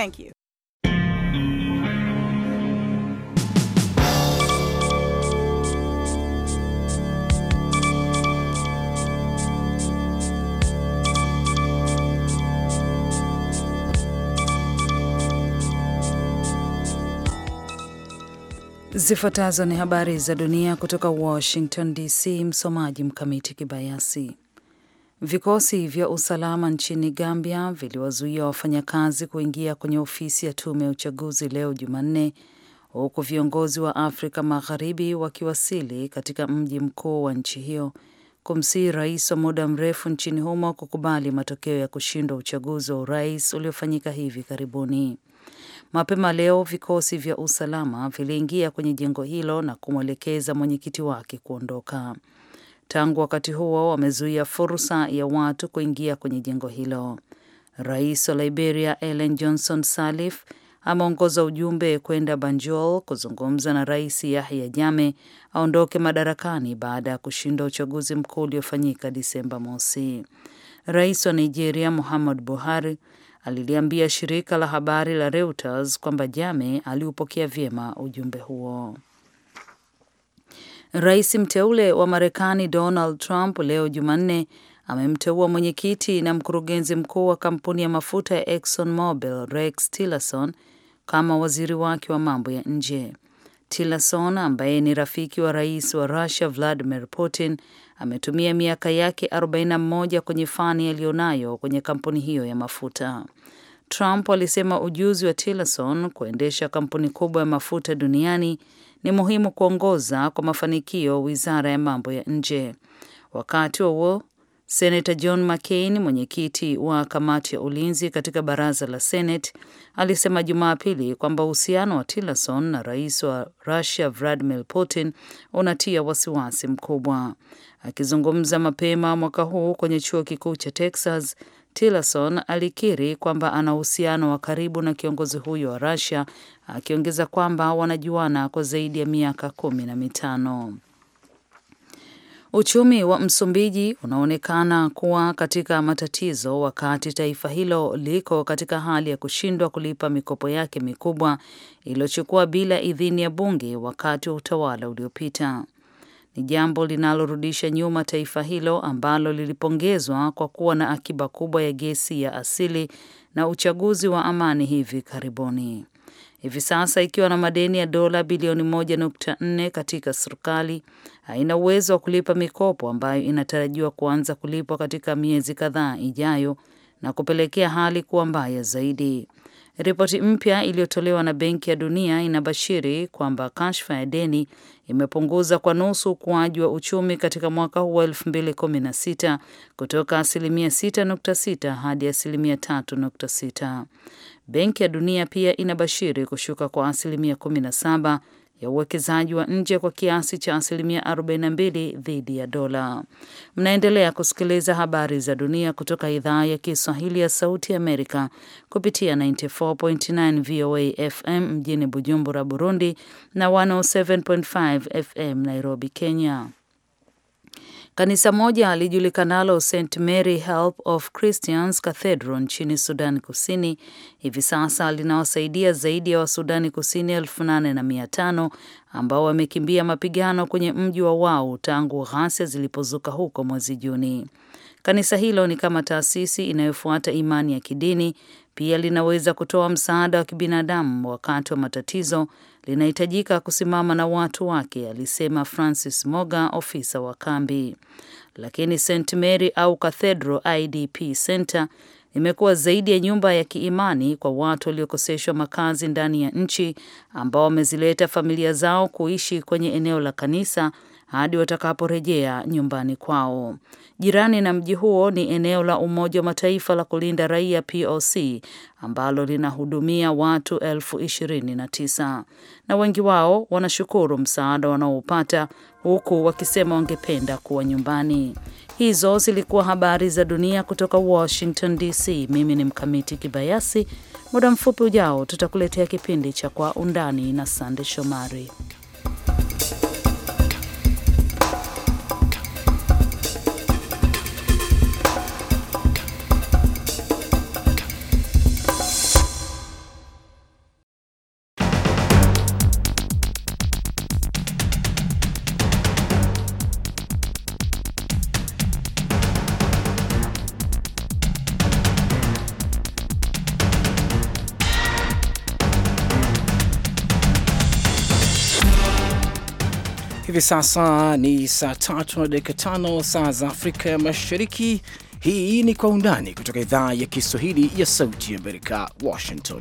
Thank you. Zifuatazo ni habari za dunia kutoka Washington DC. Msomaji Mkamiti Kibayasi. Vikosi vya usalama nchini Gambia viliwazuia wafanyakazi kuingia kwenye ofisi ya tume ya uchaguzi leo Jumanne, huku viongozi wa Afrika Magharibi wakiwasili katika mji mkuu wa nchi hiyo kumsihi rais wa muda mrefu nchini humo kukubali matokeo ya kushindwa uchaguzi wa urais uliofanyika hivi karibuni. Mapema leo vikosi vya usalama viliingia kwenye jengo hilo na kumwelekeza mwenyekiti wake kuondoka. Tangu wakati huo wamezuia fursa ya watu kuingia kwenye jengo hilo. Rais wa Liberia Ellen Johnson Sirleaf ameongoza ujumbe kwenda Banjul kuzungumza na Rais Yahya Jammeh aondoke madarakani baada ya kushinda uchaguzi mkuu uliofanyika Disemba mosi. Rais wa Nigeria Muhammad Buhari aliliambia shirika la habari la Reuters kwamba Jammeh aliupokea vyema ujumbe huo. Rais mteule wa Marekani Donald Trump leo Jumanne amemteua mwenyekiti na mkurugenzi mkuu wa kampuni ya mafuta ya Exxon Mobil Rex Tillerson kama waziri wake wa mambo ya nje. Tillerson ambaye ni rafiki wa rais wa Russia Vladimir Putin ametumia miaka yake 41 kwenye fani aliyonayo kwenye kampuni hiyo ya mafuta. Trump alisema ujuzi wa Tillerson kuendesha kampuni kubwa ya mafuta duniani ni muhimu kuongoza kwa mafanikio wizara ya mambo ya nje. Wakati huo Senata John McCain, mwenyekiti wa kamati ya ulinzi katika baraza la Senate, alisema Jumapili kwamba uhusiano wa Tillerson na rais wa Russia Vladimir Putin unatia wasiwasi mkubwa. Akizungumza mapema mwaka huu kwenye chuo kikuu cha Texas, Tillerson alikiri kwamba ana uhusiano wa karibu na kiongozi huyo wa Russia akiongeza kwamba wanajuana kwa zaidi ya miaka kumi na mitano. Uchumi wa Msumbiji unaonekana kuwa katika matatizo wakati taifa hilo liko katika hali ya kushindwa kulipa mikopo yake mikubwa iliyochukua bila idhini ya bunge wakati wa utawala uliopita. Ni jambo linalorudisha nyuma taifa hilo ambalo lilipongezwa kwa kuwa na akiba kubwa ya gesi ya asili na uchaguzi wa amani hivi karibuni hivi sasa ikiwa na madeni ya dola bilioni 1.4 katika serikali, haina uwezo wa kulipa mikopo ambayo inatarajiwa kuanza kulipwa katika miezi kadhaa ijayo na kupelekea hali kuwa mbaya zaidi. Ripoti mpya iliyotolewa na Benki ya Dunia inabashiri kwamba kashfa ya deni imepunguza kwa nusu ukuaji wa uchumi katika mwaka huu wa 2016 kutoka asilimia 6.6 hadi asilimia 3.6. Benki ya Dunia pia inabashiri kushuka kwa asilimia 17 ya uwekezaji wa nje kwa kiasi cha asilimia 42 dhidi ya dola. Mnaendelea kusikiliza habari za dunia kutoka idhaa ya Kiswahili ya Sauti Amerika kupitia 94.9 VOA FM mjini Bujumbura, Burundi na 107.5 FM Nairobi, Kenya. Kanisa moja lijulikanalo St Mary Help of Christians Cathedral nchini Sudani Kusini hivi sasa linawasaidia zaidi ya Wasudani Kusini elfu nane na mia tano ambao wamekimbia mapigano kwenye mji wa Wau tangu ghasia zilipozuka huko mwezi Juni. Kanisa hilo ni kama taasisi inayofuata imani ya kidini. Pia linaweza kutoa msaada wa kibinadamu wakati wa matatizo, linahitajika kusimama na watu wake, alisema Francis Moga, ofisa wa kambi. Lakini St Mary au Cathedral IDP Center imekuwa zaidi ya nyumba ya kiimani kwa watu waliokoseshwa makazi ndani ya nchi ambao wamezileta familia zao kuishi kwenye eneo la kanisa hadi watakaporejea nyumbani kwao. Jirani na mji huo ni eneo la Umoja wa Mataifa la kulinda raia POC ambalo linahudumia watu elfu ishirini na tisa na wengi wao wanashukuru msaada wanaoupata huku wakisema wangependa kuwa nyumbani. Hizo zilikuwa habari za dunia kutoka Washington DC. Mimi ni Mkamiti Kibayasi. Muda mfupi ujao tutakuletea kipindi cha Kwa Undani na Sande Shomari. hivi sasa ni saa tatu na dakika tano saa za Afrika ya Mashariki. Hii ni Kwa Undani kutoka idhaa ya Kiswahili ya Sauti ya Amerika, Washington.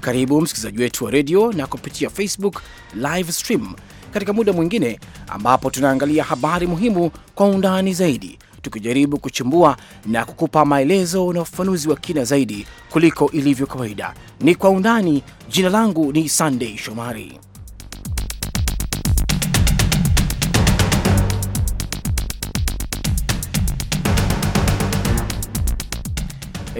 Karibu msikilizaji wetu wa redio na kupitia Facebook live stream katika muda mwingine ambapo tunaangalia habari muhimu kwa undani zaidi, tukijaribu kuchimbua na kukupa maelezo na ufafanuzi wa kina zaidi kuliko ilivyo kawaida. Ni Kwa Undani. Jina langu ni sandei Shomari.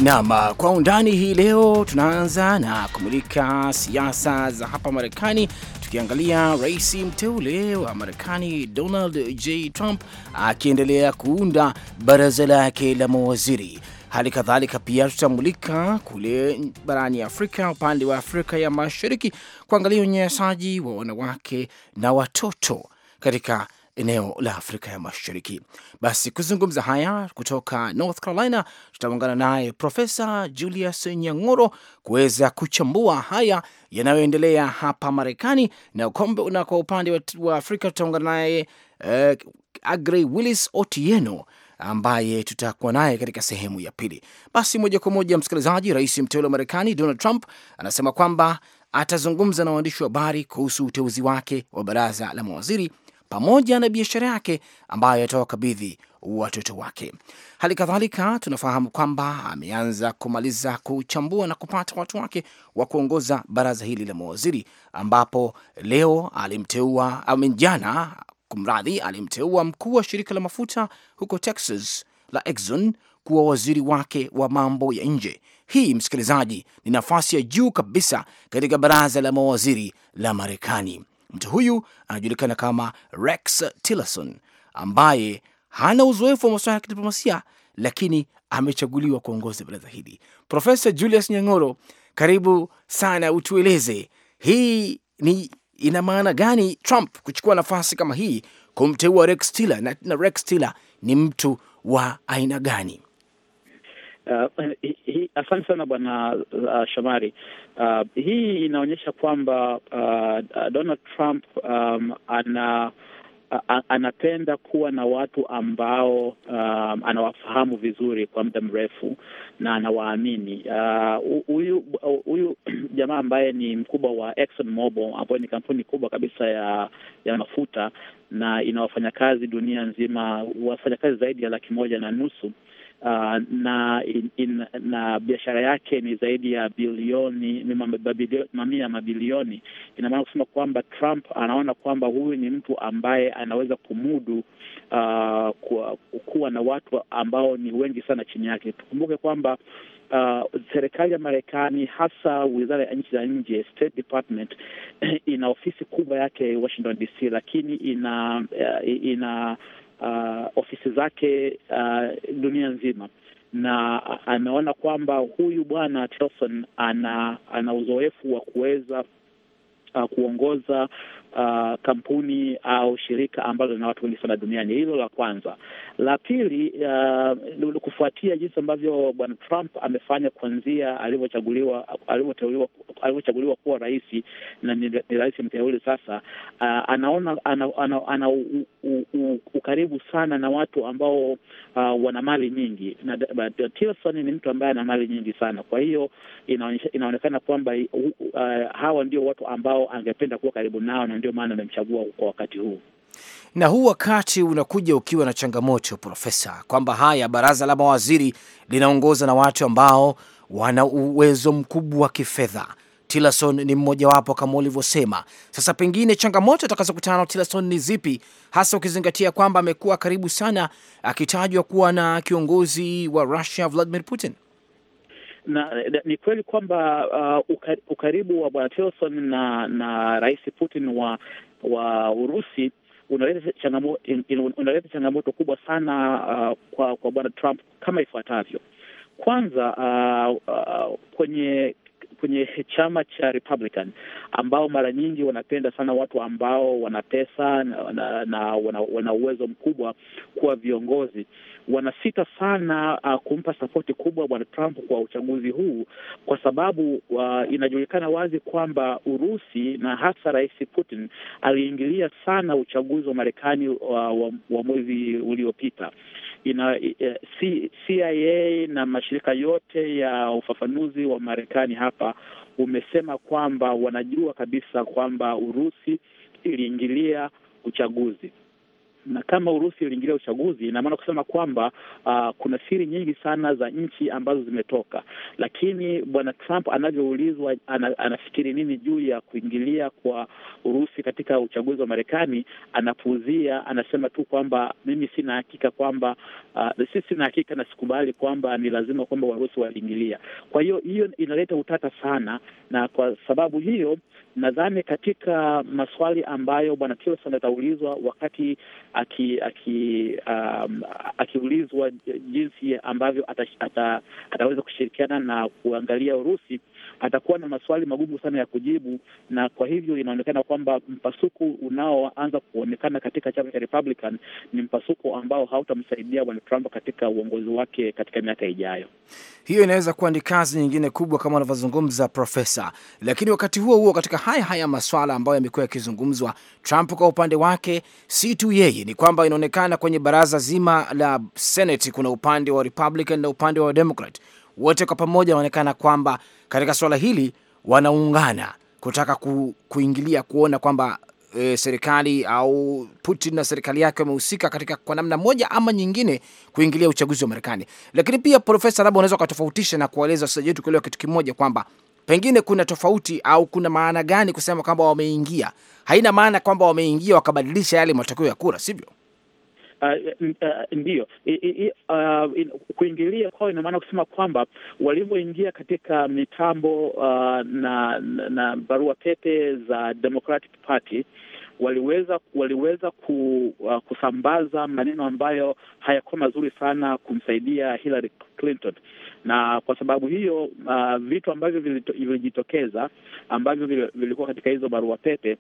Naam, uh, kwa undani hii leo tunaanza na kumulika siasa za hapa Marekani, tukiangalia rais mteule wa Marekani Donald J Trump akiendelea kuunda baraza lake la mawaziri. Hali kadhalika pia tutamulika kule barani Afrika, upande wa Afrika ya Mashariki, kuangalia unyanyasaji wa wanawake na watoto katika eneo la Afrika ya Mashariki. Basi kuzungumza haya kutoka North Carolina, tutaungana naye Profesa Julius Nyang'oro kuweza kuchambua haya yanayoendelea hapa Marekani na kombe, una kwa upande wa Afrika tutaungana naye eh, Agrey Willis Otieno ambaye tutakuwa naye katika sehemu ya pili. Basi moja kwa moja, msikilizaji, rais mteule wa Marekani Donald Trump anasema kwamba atazungumza na waandishi wa habari kuhusu uteuzi wake wa baraza la mawaziri pamoja na biashara yake ambayo atawakabidhi watoto wake. Hali kadhalika tunafahamu kwamba ameanza kumaliza kuchambua na kupata watu wake wa kuongoza baraza hili la mawaziri, ambapo leo alimteua jana, kumradhi, alimteua mkuu wa shirika la mafuta huko Texas la Exxon kuwa waziri wake wa mambo ya nje. Hii msikilizaji, ni nafasi ya juu kabisa katika baraza la mawaziri la Marekani. Mtu huyu anajulikana kama Rex Tillerson ambaye hana uzoefu wa masuala ya kidiplomasia, lakini amechaguliwa kuongoza baraza hili. Profesa Julius Nyang'oro, karibu sana, utueleze hii ni ina maana gani Trump kuchukua nafasi kama hii kumteua Rex Tiller na, na Rex Tiller ni mtu wa aina gani? Uh, hi, hi, asante sana bwana uh, Shomari. Uh, hii inaonyesha kwamba uh, Donald Trump um, ana anapenda kuwa na watu ambao um, anawafahamu vizuri kwa muda mrefu na anawaamini. Uh, huyu uh, huyu jamaa ambaye ni mkubwa wa Exxon Mobil ambayo ni kampuni kubwa kabisa ya ya mafuta na ina wafanyakazi dunia nzima, wafanyakazi zaidi ya laki moja na nusu uh, na, in, in, na biashara yake ni zaidi ya bilioni mamia mabilioni. Ina maana kusema kwamba Trump anaona kwamba huyu ni mtu ambaye anaweza kumudu uh, kuwa na watu ambao ni wengi sana chini yake. Tukumbuke kwamba Uh, serikali ya Marekani hasa wizara ya nchi za nje State Department ina ofisi kubwa yake Washington DC, lakini ina uh, ina uh, ofisi zake uh, dunia nzima, na ameona kwamba huyu bwana Tillerson ana ana uzoefu wa kuweza uh, kuongoza uh, kampuni au shirika ambalo lina watu wengi sana duniani. Hilo la kwanza. La pili, uh, kufuatia jinsi ambavyo bwana Trump amefanya kuanzia alivyochaguliwa alivyoteuliwa alivyochaguliwa kuwa rais na ni, rais mteuli sasa, uh, anaona ana, ana, ana u, u, u, ukaribu sana na watu ambao uh, wana mali nyingi na Tillerson ni mtu ambaye ana mali nyingi sana, kwa hiyo inaonekana kwamba uh, hawa ndio watu ambao angependa kuwa karibu nao na ndio maana amemchagua kwa wakati huu na huu wakati unakuja ukiwa na changamoto Profesa, kwamba haya baraza la mawaziri linaongoza na watu ambao wana uwezo mkubwa wa kifedha. Tillerson ni mmojawapo kama ulivyosema. Sasa pengine changamoto atakazokutana na Tillerson ni zipi, hasa ukizingatia kwamba amekuwa karibu sana akitajwa kuwa na kiongozi wa Russia Vladimir Putin? na, na eh, ni kweli kwamba uh, ukaribu wa bwana Tillerson na na Rais Putin wa wa Urusi unaleta changamoto, unaleta changamoto kubwa sana uh, kwa kwa bwana Trump kama ifuatavyo. Kwanza uh, uh, kwenye kwenye chama cha Republican ambao mara nyingi wanapenda sana watu ambao wana pesa na, na, na wana, wana uwezo mkubwa kuwa viongozi wanasita sana uh, kumpa sapoti kubwa bwana Trump kwa uchaguzi huu kwa sababu uh, inajulikana wazi kwamba Urusi na hasa Rais Putin aliingilia sana uchaguzi wa Marekani wa, uh, wa, wa mwezi uliopita. Ina, e, eh, CIA na mashirika yote ya ufafanuzi wa Marekani hapa umesema kwamba wanajua kabisa kwamba Urusi iliingilia uchaguzi na kama Urusi iliingilia uchaguzi, ina maana kusema kwamba uh, kuna siri nyingi sana za nchi ambazo zimetoka. Lakini bwana Trump anavyoulizwa ana, anafikiri nini juu ya kuingilia kwa Urusi katika uchaguzi wa Marekani, anapuuzia, anasema tu kwamba mimi sina hakika kwamba uh, ah, si sina hakika na sikubali kwamba ni lazima kwamba Warusi waliingilia. Kwa hiyo hiyo inaleta utata sana, na kwa sababu hiyo nadhani katika maswali ambayo bwana Tillerson ataulizwa wakati aki, aki, um, akiulizwa jinsi ambavyo ata, ata, ataweza kushirikiana na kuangalia Urusi atakuwa na maswali magumu sana ya kujibu, na kwa hivyo inaonekana kwamba mpasuko unaoanza kuonekana katika chama cha Republican ni mpasuko ambao hautamsaidia Bwana Trump katika uongozi wake katika miaka ijayo. Hiyo inaweza kuwa ni kazi nyingine kubwa kama anavyozungumza profesa. Lakini wakati huo huo, katika haya haya maswala ambayo yamekuwa yakizungumzwa, Trump kwa upande wake, si tu yeye, ni kwamba inaonekana kwenye baraza zima la Senate kuna upande wa Republican na upande wa Democrat wote kwa pamoja wanaonekana kwamba katika suala hili wanaungana kutaka ku, kuingilia kuona kwamba e, serikali au Putin na serikali yake wamehusika katika kwa namna moja ama nyingine kuingilia uchaguzi wa Marekani. Lakini pia Profesa, labda unaweza ukatofautisha na kuwaeleza wasikilizaji wetu kuelewa kitu kimoja kwamba pengine kuna tofauti au kuna maana gani kusema kwamba wameingia? Haina maana kwamba wameingia wakabadilisha yale matokeo ya kura, sivyo? uh, uh, ndiyo uh, kuingilia kwao ina maana kusema kwamba walivyoingia katika mitambo uh, na, na barua pepe za Democratic Party waliweza waliweza ku, uh, kusambaza maneno ambayo hayakuwa mazuri sana kumsaidia Hillary Clinton, na kwa sababu hiyo uh, vitu ambavyo vilijitokeza ambavyo vilikuwa katika hizo barua pepe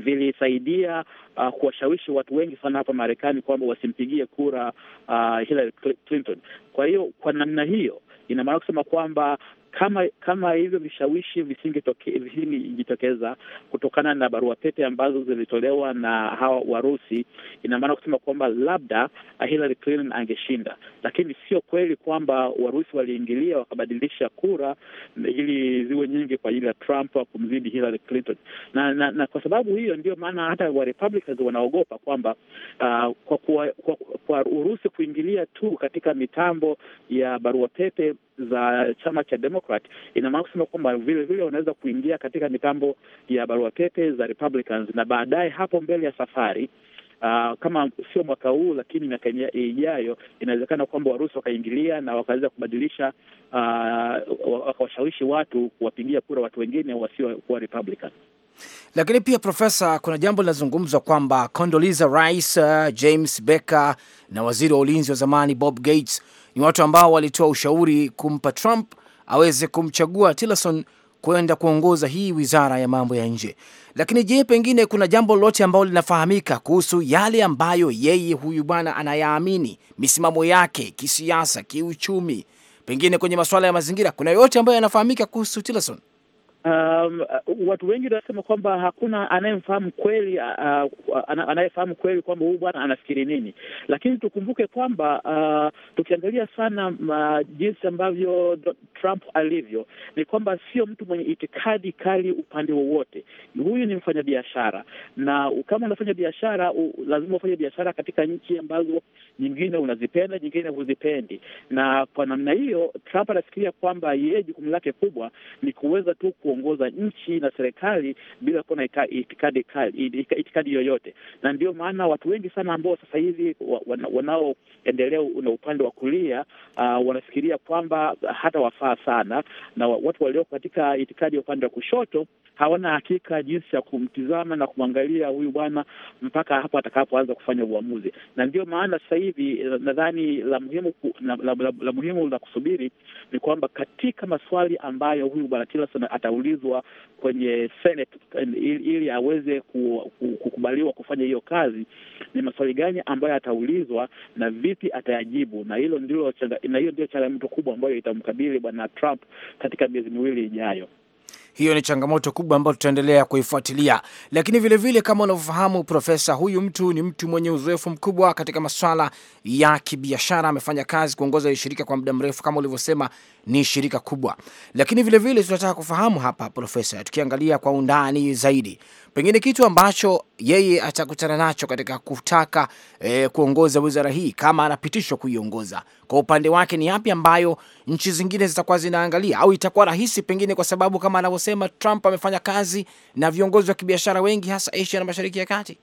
vilisaidia uh, kuwashawishi watu wengi sana hapa Marekani kwamba wasimpigie kura uh, Hillary Clinton. Kwa hiyo kwa namna hiyo ina maana kusema kwamba kama kama hivyo vishawishi visingejitokeza kutokana na barua pepe ambazo zilitolewa na hawa Warusi, ina maana kusema kwamba labda Hillary Clinton angeshinda, lakini sio kweli kwamba Warusi waliingilia wakabadilisha kura ili ziwe nyingi kwa ajili ya Trump wa kumzidi Hillary Clinton. Na, na, na kwa sababu hiyo ndio maana hata wa Republicans wanaogopa kwamba uh, kwa, kwa, kwa, kwa Urusi kuingilia tu katika mitambo ya barua pepe za chama cha Demo Democrat, ina maana kusema kwamba vile vile wanaweza kuingia katika mitambo ya barua pepe za Republicans na baadaye hapo mbele ya safari Uh, kama sio mwaka huu lakini miaka ijayo inawezekana kwamba Warusi wakaingilia na wakaweza kubadilisha uh, wakawashawishi watu kuwapigia kura watu wengine wasiokuwa Republican. Lakini pia Profesa, kuna jambo linazungumzwa kwamba Condoleezza Rice, uh, James Baker na waziri wa ulinzi wa zamani Bob Gates ni watu ambao walitoa ushauri kumpa Trump aweze kumchagua Tillerson kwenda kuongoza hii wizara ya mambo ya nje. Lakini je, pengine kuna jambo lolote ambalo linafahamika kuhusu yale ambayo yeye huyu bwana anayaamini, misimamo yake kisiasa, kiuchumi, pengine kwenye masuala ya mazingira? Kuna yote ambayo yanafahamika kuhusu Tillerson? Um, uh, watu wengi wanasema kwamba hakuna anayemfahamu kweli, uh, uh anayefahamu kweli kwamba huyu bwana anafikiri nini, lakini tukumbuke kwamba uh, tukiangalia sana uh, jinsi ambavyo Trump alivyo ni kwamba sio mtu mwenye itikadi kali upande wowote. Huyu ni mfanyabiashara, na kama unafanya biashara lazima ufanye biashara katika nchi ambazo nyingine unazipenda, nyingine huzipendi, na kwa namna hiyo Trump anafikiria kwamba yeye jukumu lake kubwa ni kuweza tu ku kuongoza nchi na serikali bila kuwa na itikadi itikadi yoyote, na ndio maana watu wengi sana ambao sasa hivi wanaoendelea na upande wa kulia uh, wanafikiria kwamba hata wafaa sana, na watu walioko katika itikadi ya upande wa kushoto hawana hakika jinsi ya kumtizama na kumwangalia huyu bwana mpaka hapo atakapoanza kufanya uamuzi. Na ndio maana sasa hivi eh, nadhani la muhimu la, la, la, la muhimu la kusubiri ni kwamba katika maswali ambayo huyu bwana Tillerson ataulia kuulizwa kwenye Senate ili, aweze kukubaliwa kufanya hiyo kazi, ni maswali gani ambayo ataulizwa na vipi atayajibu, na hilo ndilo, na hiyo ndio changamoto kubwa ambayo itamkabili bwana Trump katika miezi miwili ijayo hiyo ni changamoto kubwa ambayo tutaendelea kuifuatilia. Lakini vilevile vile, kama unavyofahamu profesa, huyu mtu ni mtu mwenye uzoefu mkubwa katika maswala ya kibiashara, amefanya kazi kuongoza shirika kwa muda mrefu, kama ulivyosema ni shirika kubwa. Lakini vilevile tunataka kufahamu hapa, profesa, tukiangalia kwa undani zaidi Pengine kitu ambacho yeye atakutana nacho katika kutaka e, kuongoza wizara hii kama anapitishwa kuiongoza, kwa upande wake ni yapi ambayo nchi zingine zitakuwa zinaangalia, au itakuwa rahisi pengine, kwa sababu kama anavyosema Trump amefanya kazi na viongozi wa kibiashara wengi, hasa Asia na Mashariki ya Kati.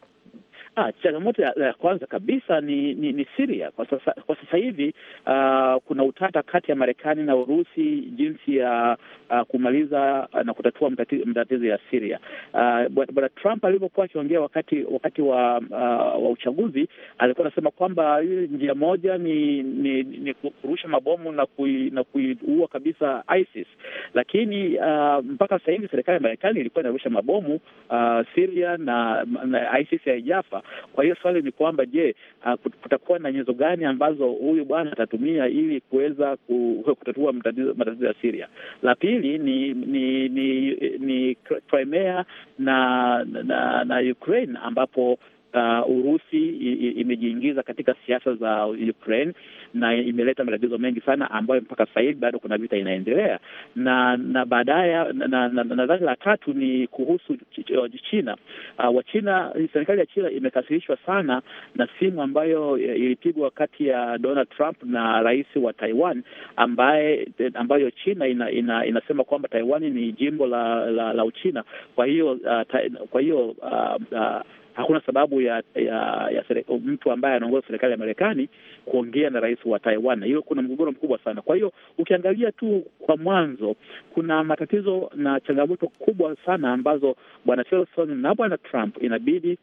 Ah, changamoto ya, ya kwanza kabisa ni ni, ni Syria kwa sasa, kwa sasa hivi uh, kuna utata kati ya Marekani na Urusi jinsi ya uh, kumaliza uh, na kutatua matatizo ya Syria. Uh, Bwana Trump alivyokuwa akiongea wakati wakati wa uh, wa uchaguzi alikuwa anasema kwamba njia moja ni ni, ni kurusha mabomu na kui, na kuiua kabisa ISIS, lakini uh, mpaka sasa hivi serikali ya Marekani ilikuwa inarusha mabomu uh, Syria na, na ISIS haijafa. Kwa hiyo swali ni kwamba je, uh, kutakuwa na nyenzo gani ambazo huyu bwana atatumia ili kuweza kutatua matatizo ya siria La pili ni ni ni, ni Crimea na na, na Ukraine ambapo uh, Urusi imejiingiza katika siasa za Ukraine na imeleta matatizo mengi sana ambayo mpaka sasa hivi bado kuna vita inaendelea, na na baadaye nadhani na, na, na, la tatu ni kuhusu China. Uh, Wachina, serikali ya China imekasirishwa sana na simu ambayo eh, ilipigwa kati ya Donald Trump na rais wa Taiwan ambaye eh, ambayo China ina, ina, inasema kwamba Taiwan ni jimbo la la, la Uchina. Kwa hiyo uh, ta, kwa hiyo uh, uh, hakuna sababu ya ya, ya sere, mtu ambaye anaongoza serikali ya Marekani kuongea na rais wa Taiwan. hiyo kuna mgogoro mkubwa sana. Kwa hiyo ukiangalia tu kwa mwanzo, kuna matatizo na changamoto kubwa sana ambazo bwana Tillerson na bwana Trump inabidi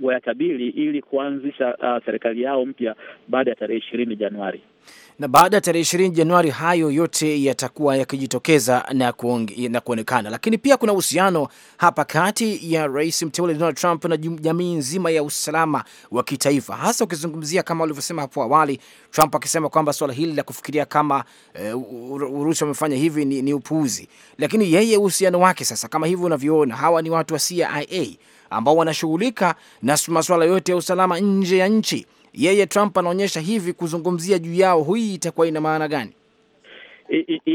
wayakabili ili kuanzisha uh, serikali yao mpya baada ya tarehe ishirini Januari. Na baada ya tarehe ishirini Januari hayo yote yatakuwa yakijitokeza na, na kuonekana, lakini pia kuna uhusiano hapa kati ya rais mteule Donald Trump na jamii nzima ya usalama wa kitaifa, hasa ukizungumzia kama walivyosema hapo awali, Trump akisema kwamba suala hili la kufikiria kama uh, eh, Urusi wamefanya hivi ni, ni upuuzi, lakini yeye uhusiano wake sasa, kama hivyo unavyoona, hawa ni watu wa CIA ambao wanashughulika na masuala yote ya usalama nje ya nchi. Yeye Trump anaonyesha hivi kuzungumzia juu yao, hii itakuwa ina maana gani?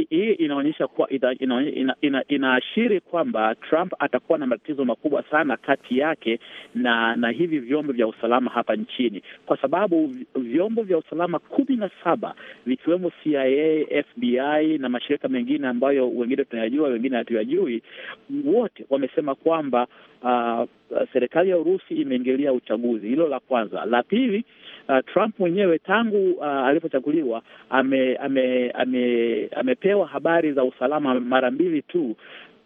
hii inaonyesha kuwa inaashiri ina, ina, ina kwamba Trump atakuwa na matatizo makubwa sana kati yake na na hivi vyombo vya usalama hapa nchini, kwa sababu vyombo vya usalama kumi na saba vikiwemo CIA, FBI na mashirika mengine ambayo wengine tunayajua, wengine hatuyajui, wote wamesema kwamba uh, serikali ya Urusi imeingilia uchaguzi. Hilo la kwanza. La pili uh, Trump mwenyewe tangu uh, alipochaguliwa ame, ame, ame, amepewa habari za usalama mara mbili tu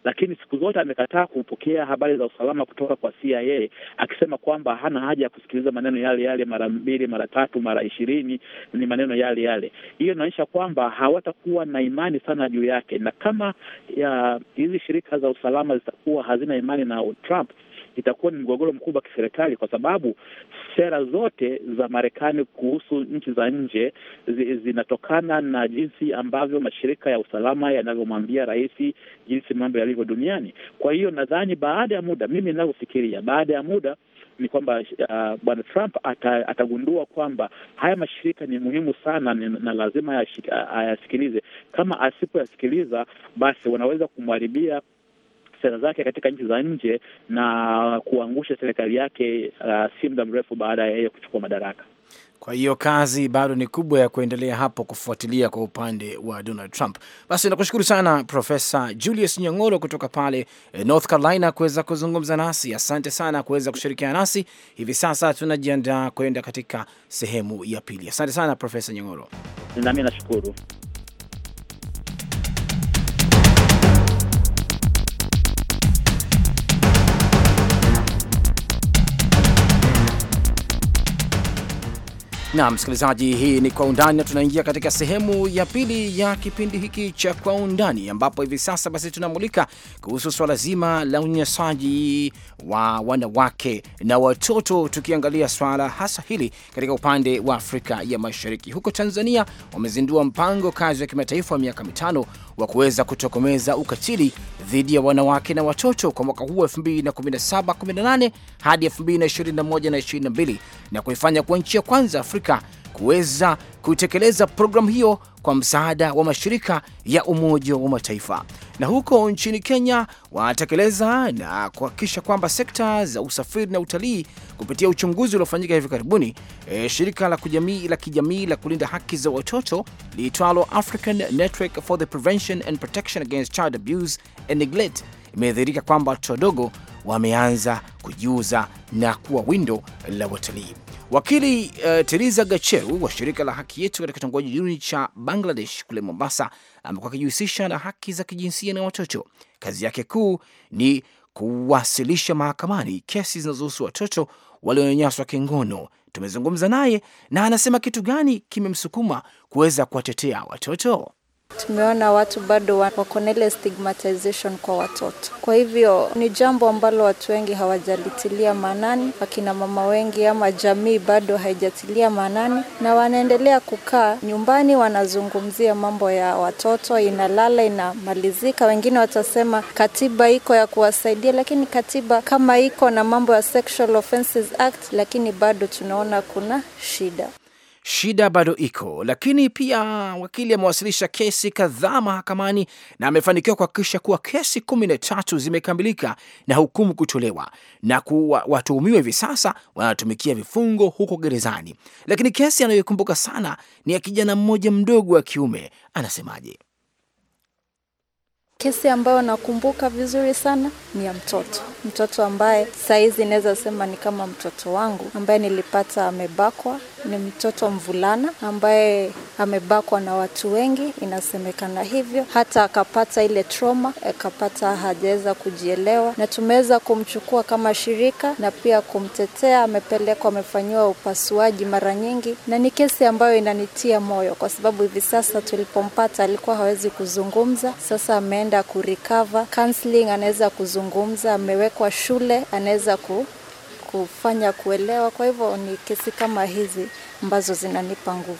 lakini siku zote amekataa kupokea habari za usalama kutoka kwa CIA akisema kwamba hana haja ya kusikiliza maneno yale yale mara mbili, mara tatu, mara ishirini, ni maneno yale yale. Hiyo inaonyesha kwamba hawatakuwa na imani sana juu yake, na kama uh, hizi shirika za usalama zitakuwa hazina imani na Trump, itakuwa ni mgogoro mkubwa wa kiserikali, kwa sababu sera zote za Marekani kuhusu nchi za nje zinatokana na jinsi ambavyo mashirika ya usalama yanavyomwambia rais jinsi mambo yalivyo duniani. Kwa hiyo nadhani baada ya muda, mimi ninavyofikiria, baada ya muda ni kwamba uh, bwana Trump ata, atagundua kwamba haya mashirika ni muhimu sana ni, na lazima ayasikilize. Kama asipoyasikiliza, basi wanaweza kumharibia sera zake katika nchi za nje na kuangusha serikali yake, uh, si muda mrefu baada ya yeye kuchukua madaraka. Kwa hiyo kazi bado ni kubwa ya kuendelea hapo kufuatilia kwa upande wa Donald Trump. Basi nakushukuru sana Profesa Julius nyang'oro kutoka pale eh, North Carolina kuweza kuzungumza nasi. Asante sana kuweza kushirikiana nasi. Hivi sasa tunajiandaa kwenda katika sehemu ya pili. Asante sana Profesa nyang'oro Nami nashukuru. na msikilizaji, hii ni Kwa Undani na tunaingia katika sehemu ya pili ya kipindi hiki cha Kwa Undani, ambapo hivi sasa basi tunamulika kuhusu swala zima la unyanyasaji wa wanawake na watoto, tukiangalia swala hasa hili katika upande wa Afrika ya Mashariki. Huko Tanzania wamezindua mpango kazi wa kimataifa wa miaka mitano wa kuweza kutokomeza ukatili dhidi ya wanawake na watoto kwa mwaka huu 2017/18 hadi 2021 na na kuifanya kuwa nchi ya kwanza Afrika Afrika kuweza kutekeleza programu hiyo kwa msaada wa mashirika ya Umoja wa Mataifa. Na huko nchini Kenya wanatekeleza na kuhakikisha kwamba sekta za usafiri na utalii kupitia uchunguzi uliofanyika hivi karibuni. E, shirika la kijamii la kijamii la kulinda haki za watoto liitwalo African Network for the Prevention and Protection Against Child Abuse and Neglect imedhihirika kwamba watoto wadogo wameanza kujiuza na kuwa windo la watalii. Wakili uh, eh, Teresa Gacheru wa shirika la Haki Yetu katika kitongoji duni cha Bangladesh kule Mombasa, amekuwa akijihusisha na haki za kijinsia na watoto. Kazi yake kuu ni kuwasilisha mahakamani kesi zinazohusu watoto walionyanyaswa kingono. Tumezungumza naye na anasema kitu gani kimemsukuma kuweza kuwatetea watoto tumeona watu bado wako na ile stigmatization kwa watoto. Kwa hivyo ni jambo ambalo watu wengi hawajalitilia maanani, akina mama wengi ama jamii bado haijatilia maanani, na wanaendelea kukaa nyumbani, wanazungumzia mambo ya watoto, inalala inamalizika. Wengine watasema katiba iko ya kuwasaidia, lakini katiba kama iko na mambo ya Sexual Offences Act, lakini bado tunaona kuna shida shida bado iko, lakini pia wakili amewasilisha kesi kadhaa mahakamani na amefanikiwa kuhakikisha kuwa kesi kumi na tatu zimekamilika na hukumu kutolewa na kuwa watuhumiwa hivi sasa wanatumikia vifungo huko gerezani. Lakini kesi anayoikumbuka sana ni ya kijana mmoja mdogo wa kiume. Anasemaje? Kesi ambayo nakumbuka vizuri sana ni ya mtoto, mtoto ambaye sahizi naweza sema ni kama mtoto wangu ambaye nilipata amebakwa ni mtoto mvulana ambaye amebakwa na watu wengi, inasemekana hivyo, hata akapata ile trauma, akapata hajaweza kujielewa, na tumeweza kumchukua kama shirika na pia kumtetea. Amepelekwa, amefanyiwa upasuaji mara nyingi, na ni kesi ambayo inanitia moyo kwa sababu hivi sasa tulipompata alikuwa hawezi kuzungumza, sasa ameenda kurikava counseling, anaweza kuzungumza, amewekwa shule, anaweza ku kufanya kuelewa. Kwa hivyo ni kesi kama hizi ambazo zinanipa nguvu.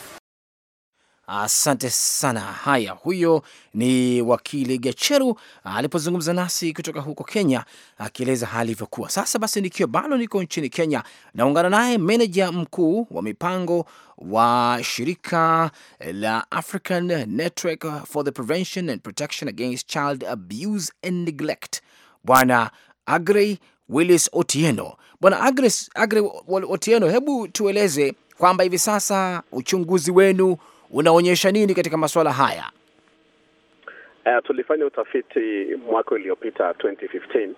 Asante sana. Haya, huyo ni wakili Gacheru alipozungumza nasi kutoka huko Kenya, akieleza hali ilivyokuwa. Sasa basi, nikiwa bado niko nchini Kenya, naungana naye meneja mkuu wa mipango wa shirika la African Network for the Prevention and Protection Against Child Abuse and Neglect, Bwana Agrey Willis Otieno. Bwana Agres, Agre Otieno, hebu tueleze kwamba hivi sasa uchunguzi wenu unaonyesha nini katika masuala haya? Uh, tulifanya utafiti mwaka uliopita 2015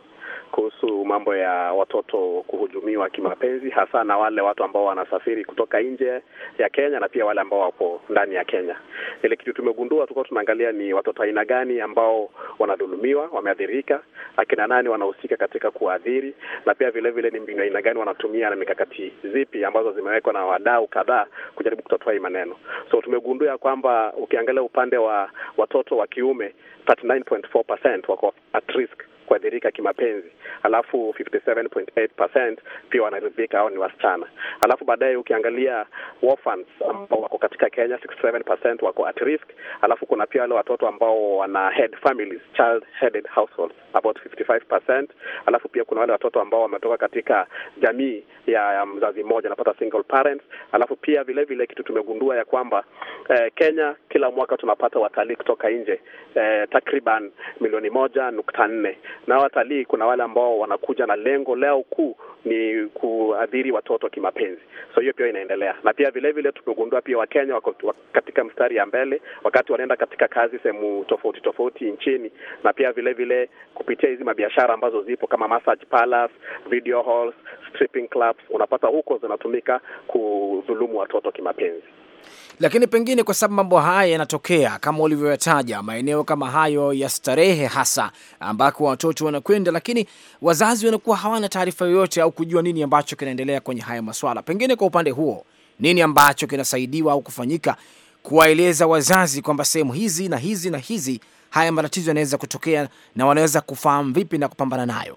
kuhusu mambo ya watoto kuhujumiwa kimapenzi, hasa na wale watu ambao wanasafiri kutoka nje ya Kenya na pia wale ambao wapo ndani ya Kenya. Ile kitu tumegundua, tulikuwa tunaangalia ni watoto aina gani ambao wanadhulumiwa, wameathirika, akina nani wanahusika katika kuadhiri, na pia vile vile ni mbinu aina gani wanatumia na mikakati zipi ambazo zimewekwa na wadau kadhaa kujaribu kutatua hii maneno. So tumegundua kwamba ukiangalia upande wa watoto wa kiume 39.4% wako at risk kuadhirika kimapenzi, alafu 57.8% pia wanaridhika au ni wasichana. Alafu baadaye ukiangalia orphans ambao wako katika Kenya 67% wako at risk, alafu kuna pia wale watoto ambao wana head families, child headed households about 55%, alafu pia kuna wale watoto ambao wametoka katika jamii ya, mzazi mmoja, napata single parents. Alafu pia vile vile kitu tumegundua ya kwamba eh, Kenya kila mwaka tunapata watalii kutoka nje eh, takriban milioni moja nukta nne na watalii, kuna wale ambao wanakuja na lengo lao kuu ni kuadhiri watoto kimapenzi. So hiyo pia inaendelea, na pia vile vile tumegundua pia Wakenya wako katika mstari ya mbele wakati wanaenda katika kazi sehemu tofauti tofauti nchini, na pia vile vile kupitia hizi mabiashara ambazo zipo kama massage video halls, stripping clubs, unapata huko zinatumika kudhulumu watoto kimapenzi. Lakini pengine kwa sababu mambo haya yanatokea kama ulivyoyataja, maeneo kama hayo ya starehe, hasa ambako watoto wanakwenda, lakini wazazi wanakuwa hawana taarifa yoyote au kujua nini ambacho kinaendelea kwenye haya maswala. Pengine kwa upande huo, nini ambacho kinasaidiwa au kufanyika kuwaeleza wazazi kwamba sehemu hizi na hizi na hizi haya matatizo yanaweza kutokea na wanaweza kufahamu vipi na kupambana nayo?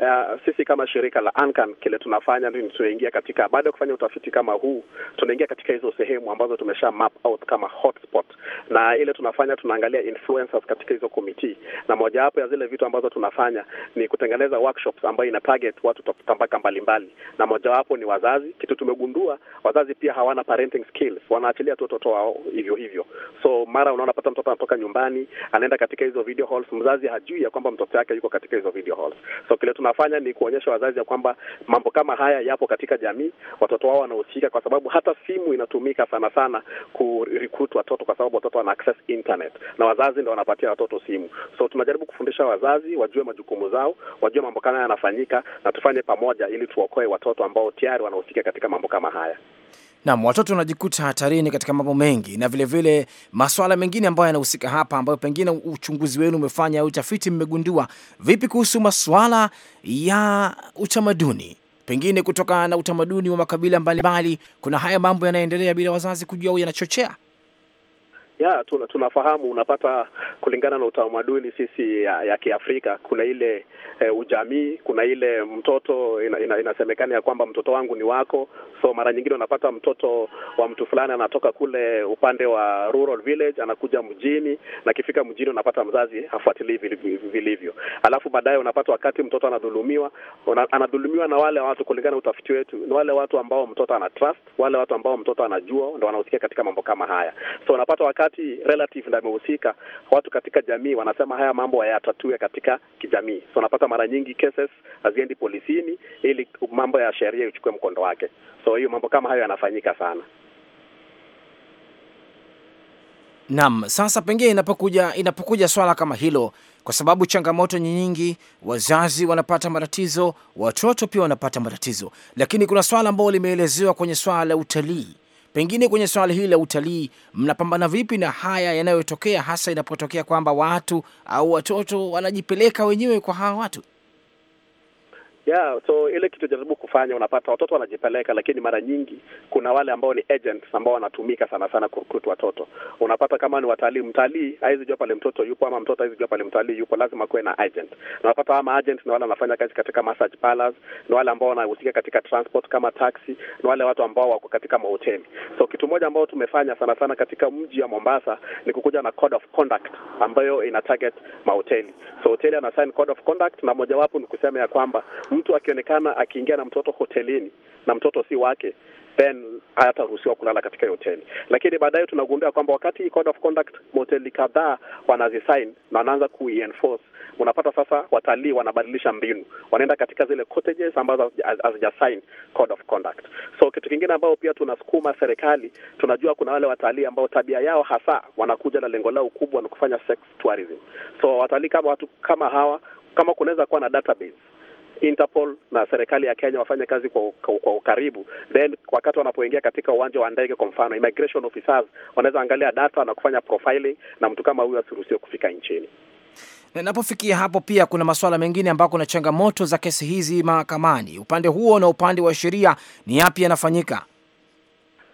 Uh, sisi kama shirika la Ankan kile tunafanya ni tunaingia katika, baada ya kufanya utafiti kama huu, tunaingia katika hizo sehemu ambazo tumesha map out kama hotspot, na ile tunafanya tunaangalia influencers katika hizo committee, na mojawapo ya zile vitu ambazo tunafanya ni kutengeneza workshops ambayo ina target watu tabaka mbalimbali, na mojawapo ni wazazi. Kitu tumegundua, wazazi pia hawana parenting skills, wanaachilia tu watoto wao hivyo hivyo. So mara unaona pata mtoto anatoka nyumbani anaenda katika hizo video halls, mzazi hajui ya kwamba mtoto yake yuko katika hizo video halls. So kile tuna tunafanya ni kuonyesha wazazi ya kwamba mambo kama haya yapo katika jamii, watoto wao wanahusika, kwa sababu hata simu inatumika sana sana kurecruit watoto, kwa sababu watoto wana access internet na wazazi ndio wanapatia watoto simu. So tunajaribu kufundisha wazazi wajue majukumu zao, wajue mambo kama yanafanyika, na tufanye pamoja ili tuokoe watoto ambao tayari wanahusika katika mambo kama haya. Naam, watoto wanajikuta hatarini katika mambo mengi na vilevile vile, maswala mengine ambayo yanahusika hapa, ambayo pengine uchunguzi wenu umefanya au utafiti mmegundua vipi kuhusu maswala ya utamaduni, pengine kutokana na utamaduni wa makabila mbalimbali, kuna haya mambo yanaendelea bila wazazi kujua au yanachochea ya tuna, tunafahamu unapata kulingana na utamaduni sisi ya, ya Kiafrika kuna ile e, ujamii, kuna ile mtoto ina, ina, inasemekana ya kwamba mtoto wangu ni wako. So mara nyingine unapata mtoto wa mtu fulani anatoka kule upande wa rural village anakuja mjini, na kifika mjini unapata mzazi hafuatilii vilivyo, alafu baadaye unapata wakati mtoto anadhulumiwa, anadhulumiwa na wale watu, kulingana na utafiti wetu, ni wale watu ambao mtoto trust, wale watu ambao mtoto anajua, ndo wanahusika katika mambo kama haya. So unapata wakati wakati relative ndio amehusika, watu katika jamii wanasema haya mambo hayatatue katika kijamii. So unapata mara nyingi cases haziendi polisini ili mambo ya sheria ichukue mkondo wake. So hiyo mambo kama hayo yanafanyika sana. Naam, sasa pengine inapokuja inapokuja swala kama hilo, kwa sababu changamoto ni nyingi, wazazi wanapata matatizo, watoto pia wanapata matatizo, lakini kuna swala ambalo limeelezewa kwenye swala la utalii Pengine kwenye swala hili la utalii, mnapambana vipi na haya yanayotokea, hasa inapotokea kwamba watu au watoto wanajipeleka wenyewe kwa hawa watu? Yeah, so ile kitu jaribu kufanya, unapata watoto wanajipeleka, lakini mara nyingi kuna wale ambao ni agents ambao wanatumika sana sana kurukut watoto. Unapata kama ni watalii, mtalii hawezi jua pale mtoto yupo ama mtoto hawezi jua pale mtalii yupo, lazima kuwe na agent. Unapata ama agent ni wale wanafanya kazi katika massage parlors, ni wale ambao wanahusika katika transport kama taxi, ni wale watu ambao wako katika mahoteli. So kitu moja ambao tumefanya sana sana katika mji wa Mombasa ni kukuja na code of conduct ambayo ina target mahoteli. So hoteli ana sign code of conduct, na mojawapo ni kusema ya kwamba mtu akionekana akiingia na mtoto hotelini na mtoto si wake then hayataruhusiwa kulala katika hiyo hoteli. Lakini baadaye tunagundua kwamba wakati code of conduct hoteli kadhaa wanazisign na wanaanza kuienforce, unapata sasa watalii wanabadilisha mbinu, wanaenda katika zile cottages ambazo hazijasign code of conduct. So kitu kingine ambao pia tunasukuma serikali, tunajua kuna wale watalii ambao tabia yao hasa wanakuja na lengo lao kubwa ni kufanya sex tourism. So watalii kama watu kama hawa, kama kunaweza kuwa na database Interpol na serikali ya Kenya wafanye kazi kwa, kwa, kwa ukaribu, then wakati wanapoingia katika uwanja wa ndege, kwa mfano immigration officers wanaweza angalia data na kufanya profiling, na mtu kama huyo asiruhusiwe kufika nchini. Napofikia hapo, pia kuna masuala mengine ambako kuna changamoto za kesi hizi mahakamani, upande huo na upande wa sheria, ni yapi yanafanyika?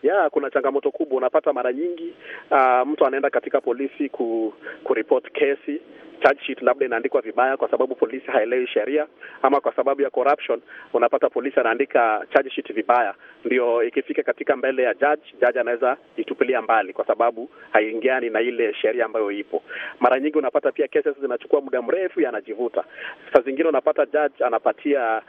Ya, kuna changamoto kubwa. Unapata mara nyingi uh, mtu anaenda katika polisi ku, kuripoti kesi charge sheet labda inaandikwa vibaya kwa sababu polisi haelewi sheria ama kwa sababu ya corruption, unapata polisi anaandika charge sheet vibaya, ndio ikifika katika mbele ya judge, judge anaweza itupilia mbali kwa sababu haingiani na ile sheria ambayo ipo. Mara nyingi unapata pia cases zinachukua muda mrefu, yanajivuta. Sasa zingine unapata judge anapatia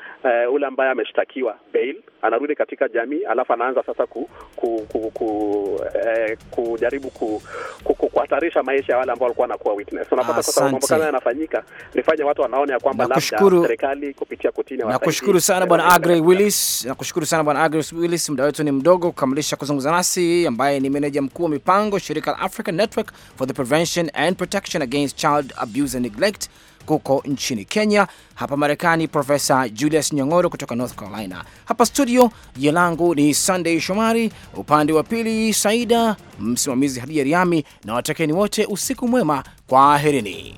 uh, ule ambaye ameshtakiwa bail, anarudi katika jamii, alafu anaanza sasa ku, ku, ku, ku eh, kujaribu ku, ku, ku, kuhatarisha maisha ya wale ambao walikuwa wanakuwa witness. Unapata sasa mambo kadha yanafanyika nifanya watu wanaona ya kwamba labda serikali kupitia kotini. Nakushukuru sana Bwana Agrey Willis, nakushukuru sana Bwana Agrey Willis. Muda wetu ni mdogo kukamilisha kuzungumza nasi, ambaye ni meneja mkuu wa mipango shirika la African Network for the Prevention and Protection Against Child Abuse and Neglect kuko nchini Kenya. Hapa Marekani, Profesa Julius Nyang'oro kutoka North Carolina. Hapa studio, jina langu ni Sunday Shomari, upande wa pili Saida, msimamizi Hadia Riami, na watakeni wote usiku mwema, kwa aherini